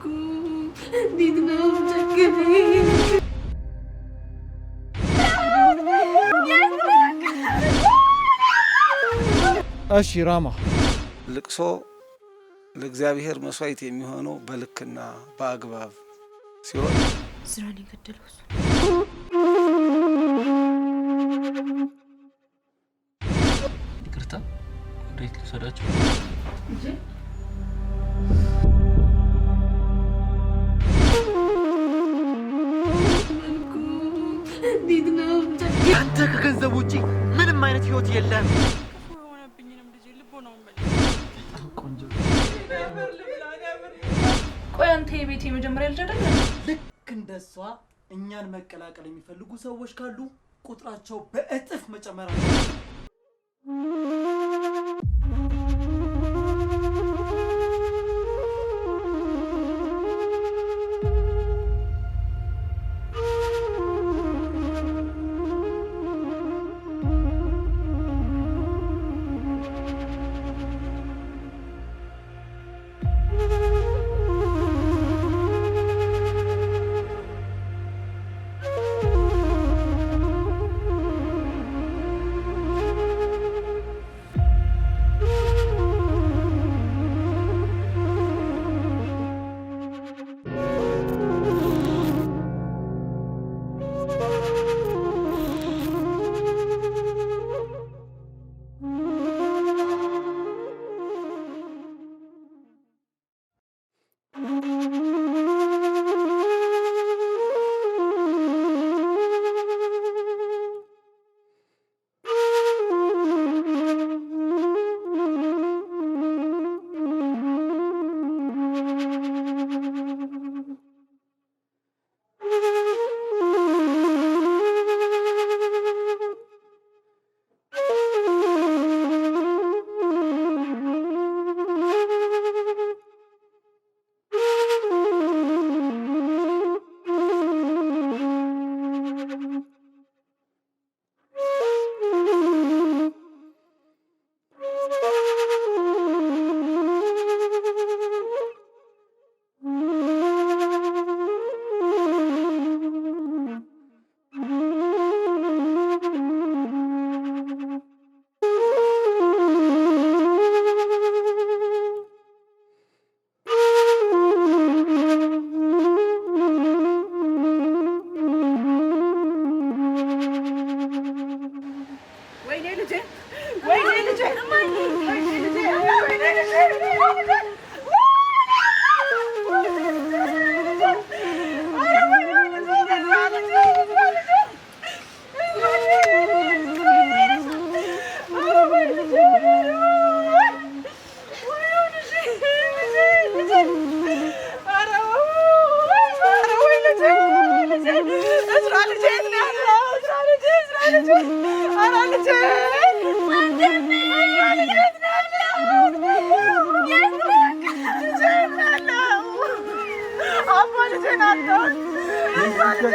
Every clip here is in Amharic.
Korku. እሺ ራማ ልቅሶ ለእግዚአብሔር መስዋዕት የሚሆነው በልክና በአግባብ ሲሆን ስራን የገደለው ቆይ አንተ የቤት የመጀመሪያ ልጅ አይደለ? ልክ እንደሷ እኛን መቀላቀል የሚፈልጉ ሰዎች ካሉ ቁጥራቸው በእጥፍ መጨመር አለ።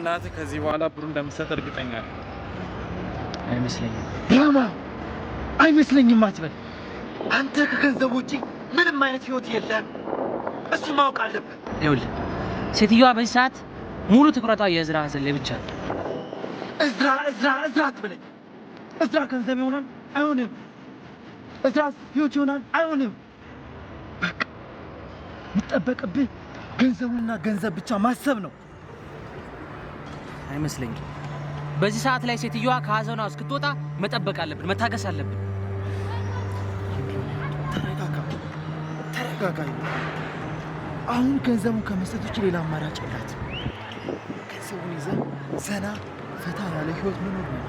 እናት ከዚህ በኋላ ብሩ እንደምትሰጥ እርግጠኛ ነኝ። አይመስለኝም። ራማ አይመስለኝም አትበል። አንተ ከገንዘብ ውጪ ምንም አይነት ህይወት የለም። እሱ ማወቅ አለብህ። ይኸውልህ ሴትዮዋ በዚህ ሰዓት ሙሉ ትኩረቷ የእዝራ ዘለ ብቻ ነው። እዝራ እዝራ እዝራ አትበለኝ። እዝራ ገንዘብ ይሆናል አይሆንም። እዝራ ህይወት ይሆናል አይሆንም። በቃ የምጠበቅብህ ገንዘቡና ገንዘብ ብቻ ማሰብ ነው። አይመስለኝም። በዚህ ሰዓት ላይ ሴትዮዋ ከሀዘኗ እስክትወጣ መጠበቅ አለብን፣ መታገስ አለብን። ተረጋጋ፣ ተረጋጋ። አሁን ገንዘቡን ከመስጠቶች ሌላ አማራጭ የላት። ገንዘቡን ይዘ ዘና ፈታ ያለ ህይወት መኖር ነው።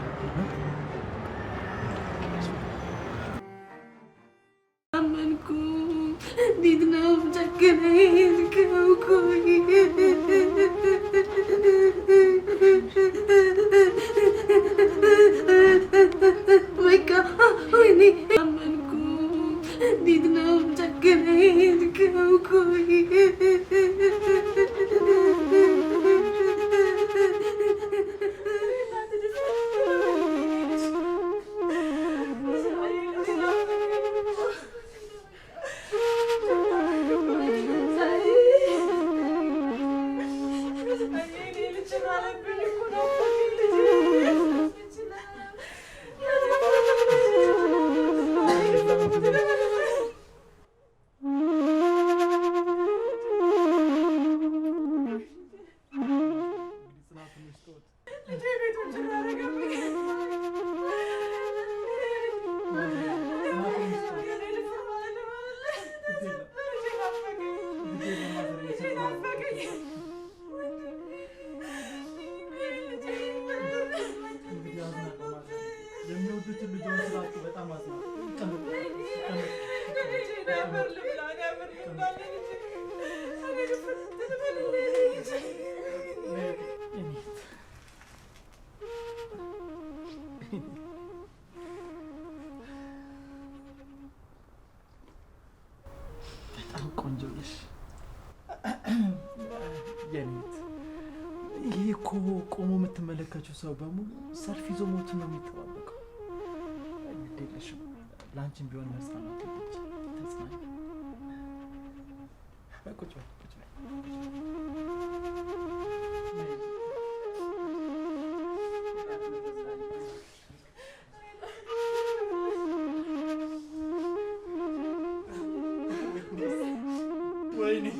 በጣም ቆንጆ ነሽ ይሄ እኮ ቆሞ የምትመለከችው ሰው በሙሉ ሰልፍ ይዞ ሞት ነው የሚጠባበቀው። ለአንቺም ቢሆን መጽናናት こっちはこっちね。Waiting,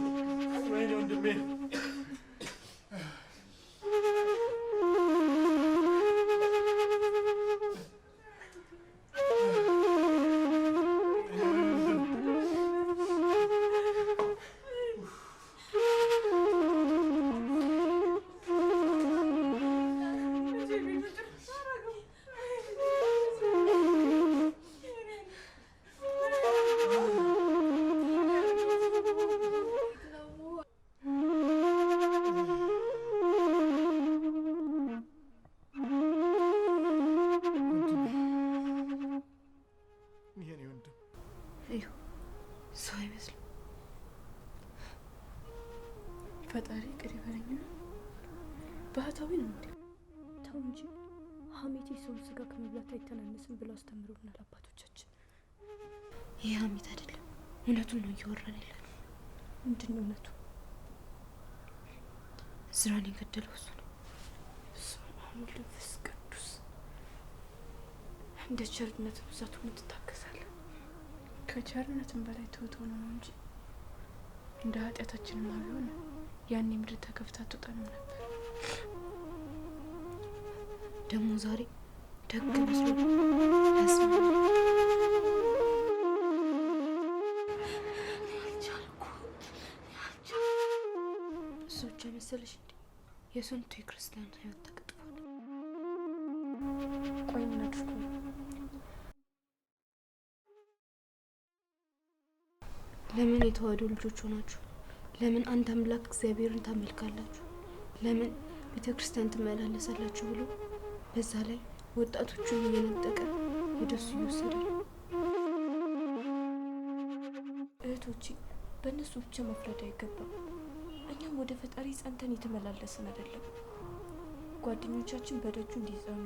waiting on the man. ሰው አይመስልም። ፈጣሪ ቅር ይበለኝ። ባህታዊ ነው እንዴ? ተው እንጂ ሀሜት የሰውን ስጋ ከመብላት አይተናነስም ብለው አስተምረውናል አባቶቻችን። ይህ ሀሜት አይደለም፣ እውነቱን ነው እያወራን ያለን። ምንድን ነው እውነቱ? እዝራን የገደለው እሱ ነው። እሱን አሁን ቅዱስ እንደ ቸርነት ብዛቱ ምን ከቸርነትም በላይ ትሁት ሆኖ ነው እንጂ እንደ ኃጢአታችንም አልሆነ ያኔ ምድር ተከፍታ ትውጠንም ነበር። ደግሞ ዛሬ ደግ መስሎ እሶች መሰለሽ እንዲ የስንቱ የክርስቲያን ህይወት ተቀጥፏል። ቆይ ምን አድርጎ ለምን የተዋህዶ ልጆች ሆናችሁ? ለምን አንድ አምላክ እግዚአብሔርን ታመልካላችሁ? ለምን ቤተ ክርስቲያን ትመላለሳላችሁ? ብሎ በዛ ላይ ወጣቶቹን እየነጠቀ ወደሱ ይወሰዳል። እህቶቼ፣ በእነሱ ብቻ መፍረድ አይገባም። እኛም ወደ ፈጣሪ ጸንተን የተመላለስን አይደለም። ጓደኞቻችን በደጁ እንዲጸኑ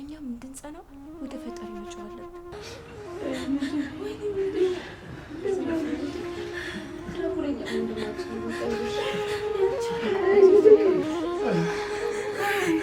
እኛም እንድንጸና ወደ ፈጣሪ መጫዋለን። 哎呀！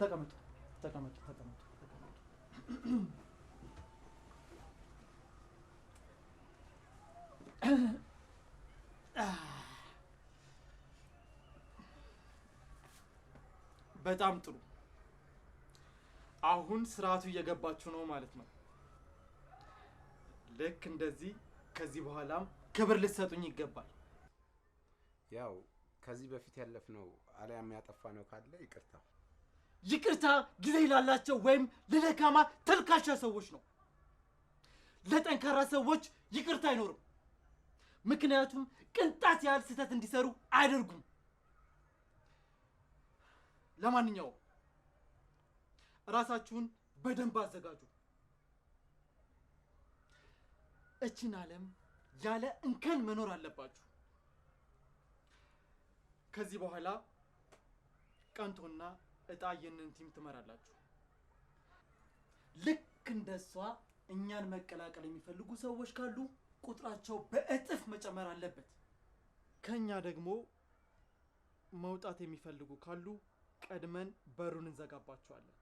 ተቀመጡ ተቀመጡ ተቀመጡ በጣም ጥሩ። አሁን ስርዓቱ እየገባችሁ ነው ማለት ነው። ልክ እንደዚህ ከዚህ በኋላም ክብር ልትሰጡኝ ይገባል። ያው ከዚህ በፊት ያለፍ ነው አሊያም ያጠፋ ነው ካለ ይቅርታ ይቅርታ ጊዜ ላላቸው ወይም ለደካማ ተልካሻ ሰዎች ነው። ለጠንካራ ሰዎች ይቅርታ አይኖርም። ምክንያቱም ቅንጣት ያህል ስህተት እንዲሰሩ አያደርጉም። ለማንኛውም እራሳችሁን በደንብ አዘጋጁ። እችን ዓለም ያለ እንከን መኖር አለባችሁ። ከዚህ በኋላ ቀንቶና እጣ የነን ቲም ትመራላችሁ። ልክ እንደሷ እኛን መቀላቀል የሚፈልጉ ሰዎች ካሉ ቁጥራቸው በእጥፍ መጨመር አለበት። ከኛ ደግሞ መውጣት የሚፈልጉ ካሉ ቀድመን በሩን እንዘጋባቸዋለን።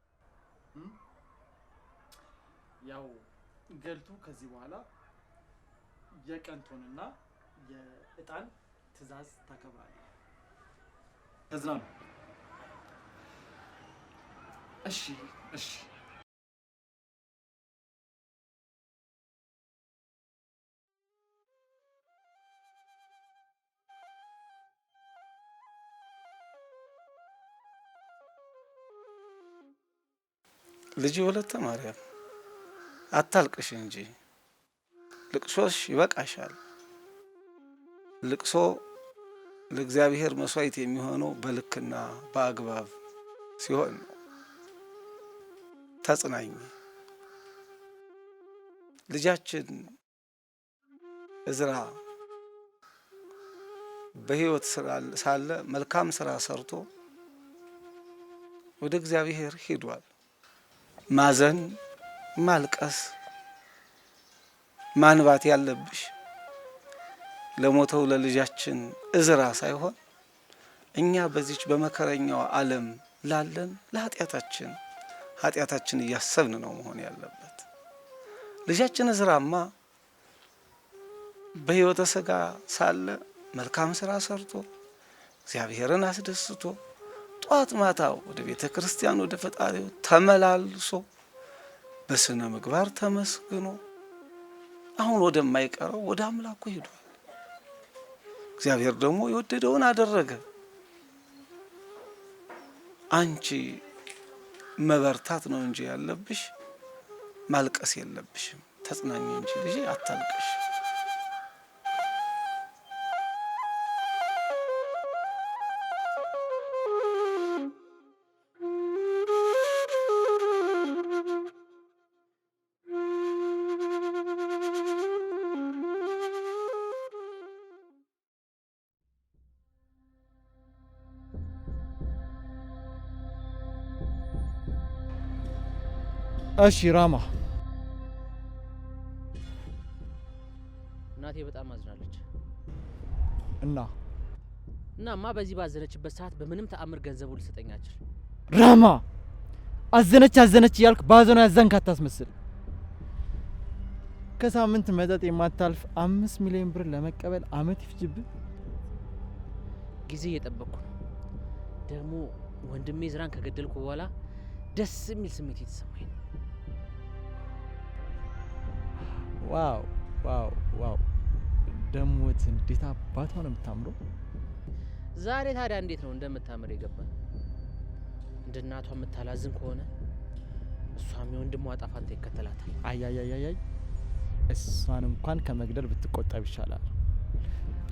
ያው ገልቱ ከዚህ በኋላ የቀንቶንና የእጣን ትዕዛዝ ታከብራለህ። ተዝናኑ። እሺ እሺ ልጅ ወለተ ማርያም አታልቅሽ እንጂ ልቅሶሽ ይበቃሻል። ልቅሶ ለእግዚአብሔር መስዋዕት የሚሆነው በልክና በአግባብ ሲሆን ነው። ተጽናኝ ልጃችን እዝራ በሕይወት ሳለ መልካም ስራ ሰርቶ ወደ እግዚአብሔር ሄዷል። ማዘን፣ ማልቀስ፣ ማንባት ያለብሽ ለሞተው ለልጃችን እዝራ ሳይሆን እኛ በዚች በመከረኛው ዓለም ላለን ለኃጢአታችን ኃጢአታችን እያሰብን ነው መሆን ያለበት። ልጃችን እዝራማ በሕይወተ ሥጋ ሳለ መልካም ስራ ሰርቶ እግዚአብሔርን አስደስቶ ጧት ማታ ወደ ቤተ ክርስቲያን ወደ ፈጣሪው ተመላልሶ በስነ ምግባር ተመስግኖ አሁን ወደማይቀረው ወደ አምላኩ ሄዷል። እግዚአብሔር ደግሞ የወደደውን አደረገ። አንቺ መበርታት ነው እንጂ ያለብሽ ማልቀስ የለብሽም። ተጽናኝ እንጂ ልጅ አታልቅሽ። እሺ ራማ እናቴ በጣም አዝናለች። እና እናማ በዚህ ባዘነችበት ሰዓት በምንም ተአምር ገንዘቡ ልሰጠኛችል። ራማ አዘነች አዘነች እያልክ ባዘኗ ያዘንክ አታስመስል። ከሳምንት መጠጥ የማታልፍ አምስት ሚሊዮን ብር ለመቀበል አመት ይፍጅብን። ጊዜ እየጠበቅኩ ነው። ደግሞ ወንድሜ ዝራን ከገደልኩ በኋላ ደስ የሚል ስሜት እየተሰማኝ ነው። ዋው ዋው ዋው! ደሞት እንዴት አባቷ ነው የምታምረው! ዛሬ ታዲያ እንዴት ነው እንደምታምር የገባ እንደ እናቷ የምታላዝን ከሆነ እሷም የወንድሟ ጣፋንታ ይከተላታል። አያያያያይ! እሷን እንኳን ከመግደል ብትቆጠብ ይሻላል።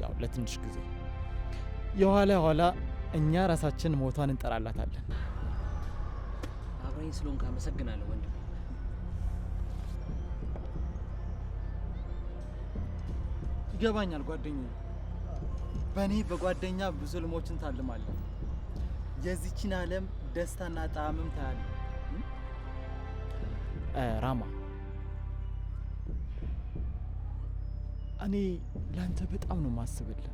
ያው ለትንሽ ጊዜ የኋላ የኋላ እኛ ራሳችን ሞቷን እንጠራላታለን። አብረኝ ስለሆንክ አመሰግናለሁ ወንድም። ይገባኛል ጓደኛዬ። በእኔ በጓደኛ ብዙ ልሞችን ታልማለህ። የዚችን ዓለም ደስታና ጣዕምም ታያለህ። ራማ እኔ ለአንተ በጣም ነው የማስብልህ።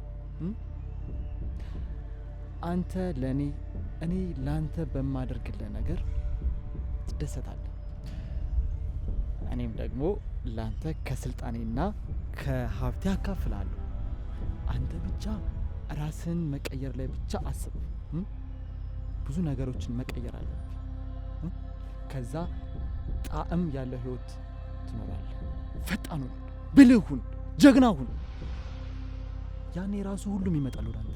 አንተ ለእኔ እኔ ለአንተ በማደርግልህ ነገር ትደሰታለህ። እኔም ደግሞ ለአንተ ከስልጣኔና ከሀብቴ አካፍላለሁ። አንተ ብቻ ራስን መቀየር ላይ ብቻ አስብ። ብዙ ነገሮችን መቀየር አለ። ከዛ ጣዕም ያለው ህይወት ትኖራለ ፈጣኑን ብልሁን ብልህ ሁን፣ ጀግና ሁን። ያኔ ራሱ ሁሉም ይመጣል ወዳንተ።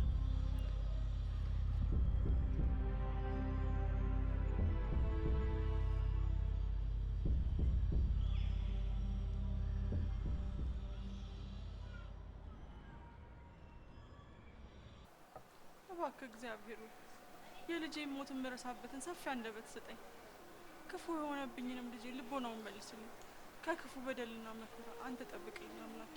እግዚአብሔር ሆይ የልጄ ሞት የምረሳበትን ሰፊ አንደበት ስጠኝ። ክፉ የሆነብኝንም ልጄ ልቦናውን መልስልኝ። ከክፉ በደልና መከራ አንተ ጠብቀኝ አምላኬ።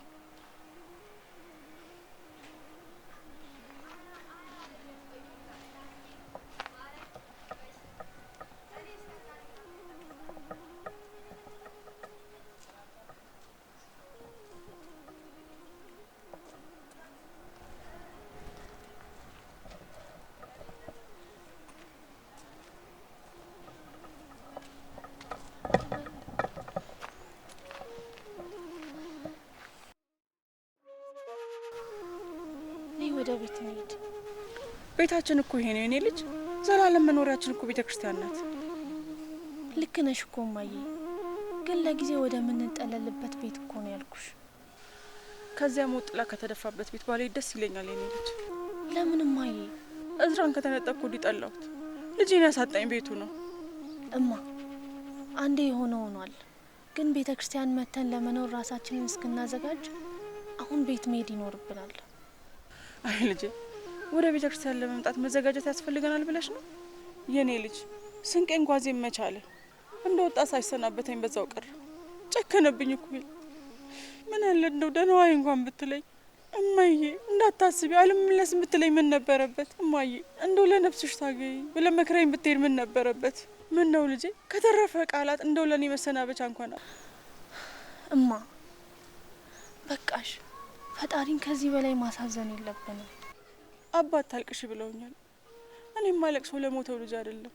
ቤት እንሂድ። ቤታችን እኮ ይሄ ነው የኔ ልጅ። ዘላለም መኖሪያችን እኮ ቤተ ክርስቲያን ናት። ልክ ነሽ እኮ እማዬ፣ ግን ለጊዜ ወደ ምንጠለልበት ቤት እኮ ነው ያልኩሽ። ከዚያ ሞት ጥላ ከተደፋበት ቤት ባልሄድ ደስ ይለኛል የኔ ልጅ። ለምን እማዬ? እዝራን ከተነጠቅኩ ሊጠላሁት ልጄን ያሳጣኝ ቤቱ ነው እማ። አንዴ የሆነ ሆኗል። ግን ቤተ ክርስቲያን መተን ለመኖር ራሳችንን እስክናዘጋጅ አሁን ቤት መሄድ ይኖርብናል። አይ ልጄ፣ ወደ ቤተ ክርስቲያን ለመምጣት መዘጋጀት ያስፈልገናል ብለሽ ነው? የኔ ልጅ ስንቄን ጓዜ መቻለ እንደ ወጣ ሳይሰናበተኝ በዛው ቀረ። ጨከነብኝ እኮ ምን አለ እንደው ደህናዋይ እንኳን ብትለኝ። እማዬ እንዳታስቢ አልመለስ ብትለኝ ምን ነበረበት? እማዬ እንደው ለነፍስሽ ታገይ ብለ መክረኝ ብትሄድ ምን ነበረበት? ምን ነው ልጄ፣ ከተረፈ ቃላት እንደው ለእኔ መሰናበቻ እንኳን እማ በቃሽ። ፈጣሪን ከዚህ በላይ ማሳዘን የለብንም። አባት ታልቅሽ ብለውኛል። እኔም ማለቅሰው ለሞተው ልጅ አይደለም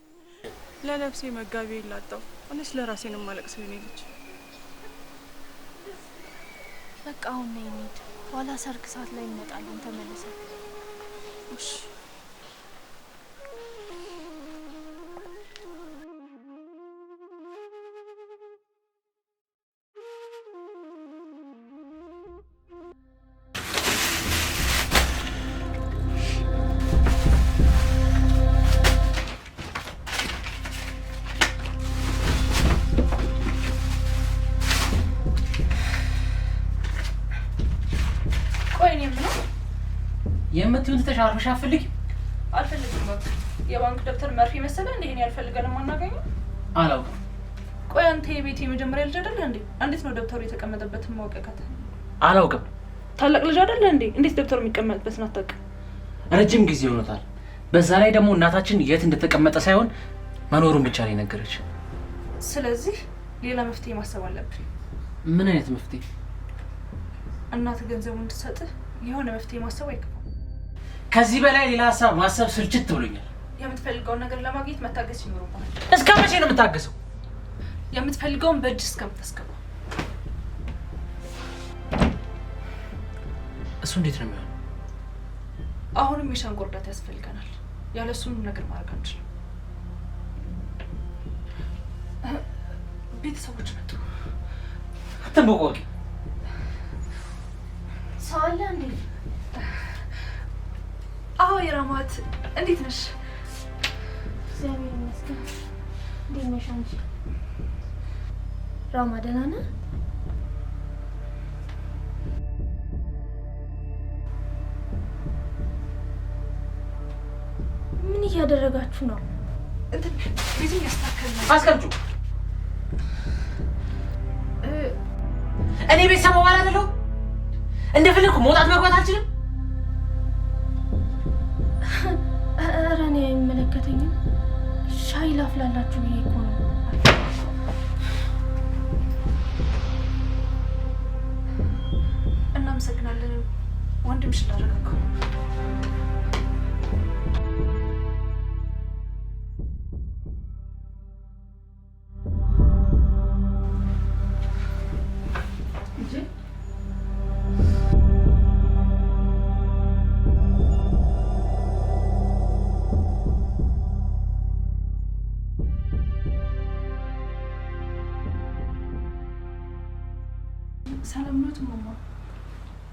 ለነፍሴ መጋቢ ላጣው እኔስ ለራሴን ማለቅሰው። የኔ ልጅ በቃ አሁን ነይ እንሂድ። ኋላ ሰርግ ሰዓት ላይ እንመጣለን ተመልሰን። እሺ ትተሽ አርፈሽ አልፈልግም። በቃ የባንክ ደብተር መርፌ መሰለህ እንዴ? ይሄን ያልፈልገንም አናገኘው አላውቅም። ቆይ አንተ የቤት የመጀመሪያ ልጅ አይደለህ እንዴ? እንዴት ነው ደብተሩ የተቀመጠበትን ማወቅ ያቃተህ? አላውቅም። ታላቅ ልጅ አይደለህ እንዴ? እንዴት ደብተሩ የሚቀመጥበትን አታውቅም? ረጅም ጊዜ ሆኖታል። በዛ ላይ ደግሞ እናታችን የት እንደተቀመጠ ሳይሆን መኖሩን ብቻ ነው የነገረች። ስለዚህ ሌላ መፍትሄ ማሰብ አለብን። ምን አይነት መፍትሄ? እናት ገንዘቡ እንድትሰጥህ የሆነ መፍትሄ ማሰብ አይገባም። ከዚህ በላይ ሌላ ሀሳብ ማሰብ ስልችት ብሎኛል። የምትፈልገውን ነገር ለማግኘት መታገስ ይኖርባል። እስከ መቼ ነው የምታገሰው? የምትፈልገውን በእጅ እስከምታስገባ። እሱ እንዴት ነው የሚሆነው? አሁንም የሻንቆ እርዳታ ያስፈልገናል። ያለ እሱ ምንም ነገር ማድረግ አንችልም። ቤተሰቦች መጡ። አትንቦቆቂ ሰው አለ እንዴ? አዎ የራማት እንዴት ነሽ? እግዚአብሔር ይመስገን። እንዴት ነሽ አንቺ? ራማ ደህና ነህ? ምን እያደረጋችሁ ነው? እንትን ቤቱን አስቀምጩ። እኔ ቤተሰብ አባል አይደለሁም። እንደፈለኩ መውጣት መግባት አልችልም። ኧረ እኔ አይመለከተኝም። ሻይ ላፍላላችሁ ብዬ እኮ ነው። እናመሰግናለን ወንድምሽ ላረጋገው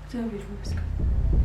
C'est we're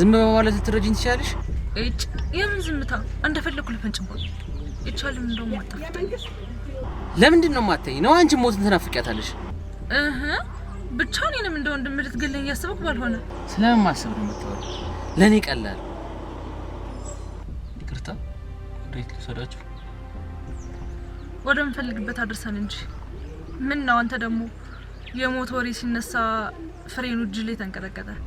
ዝም በማለት ልትረጂኝ ትችላለሽ። እጭ የምን ዝምታ እንደፈለኩ ልፈንጭብኝ ይቻልም። እንደውም አጣፍጠኝ። ለምንድን ነው የማታይኝ? ነው አንቺ ሞትን ትናፍቂያታለሽ። እህ ብቻ እኔንም እንደ ወንድም ልትገለኝ እያሰብኩ ባልሆነ ስለምን ማሰብ ነው የምትወሩ? ለእኔ ቀላል ይቅርታ። እንዴት ልውሰዳችሁ? ወደምፈልግበት አድርሰን እንጂ ምን ነው አንተ ደግሞ የሞት ወሬ ሲነሳ ፍሬኑ እጅ ላይ ተንቀጠቀጠ።